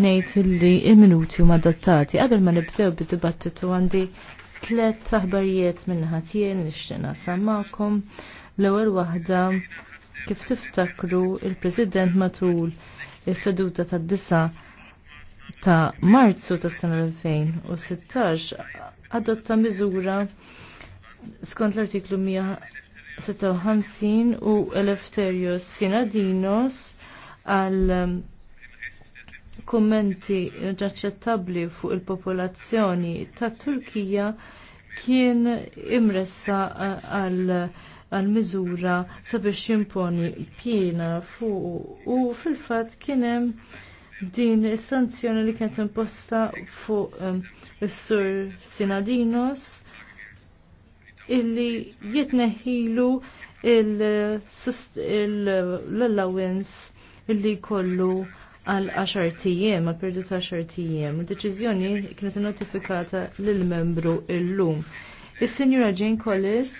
ngħid li l-minuti huma adottati. Qabel ma nibdew bid-dibattitu għandi tliet taħbarijiet minn ħatjien nixtieq naqsam L-ewwel waħda kif tiftakru il-President matul is-seduta tad-disa ta' Marzu ta' sena 2016 adotta miżura skont l-artiklu 156 u Eleftherios Sinadinos għal kummenti irraċċettabbli fuq il-popolazzjoni ta' Turkija kien imressa għal għal miżura sabiex jimponi pjena fuq u fil-fatt kien hemm din is-sanzjoni li kienet imposta fuq um, is-sur Sinadinos illi jitneħilu l-allowance illi kollu għal 10 tijiem, għal perdu ta' 10 tijiem. Deċizjoni kienet notifikata lill membru illum. Is-Sinjura Jane Collis